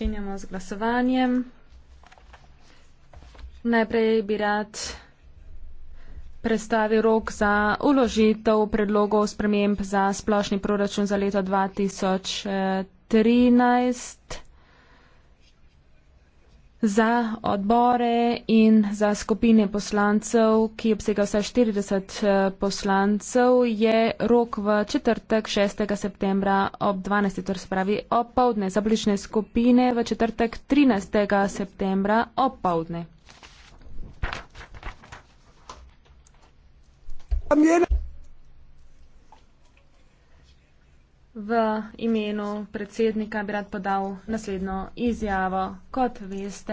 Začenjamo z glasovanjem. Najprej bi rad predstavil rok za uložitev predlogov sprememb za splošni proračun za leto 2013 za odbore in za skupine poslancev, ki obsega vsaj 40 eh, poslancev, je rok v četrtek 6. septembra ob 12. torej se pravi opovdne. Za bližne skupine v četrtek 13. septembra opovdne. V imenu predsednika bi rad podal naslednjo izjavo. Kot veste,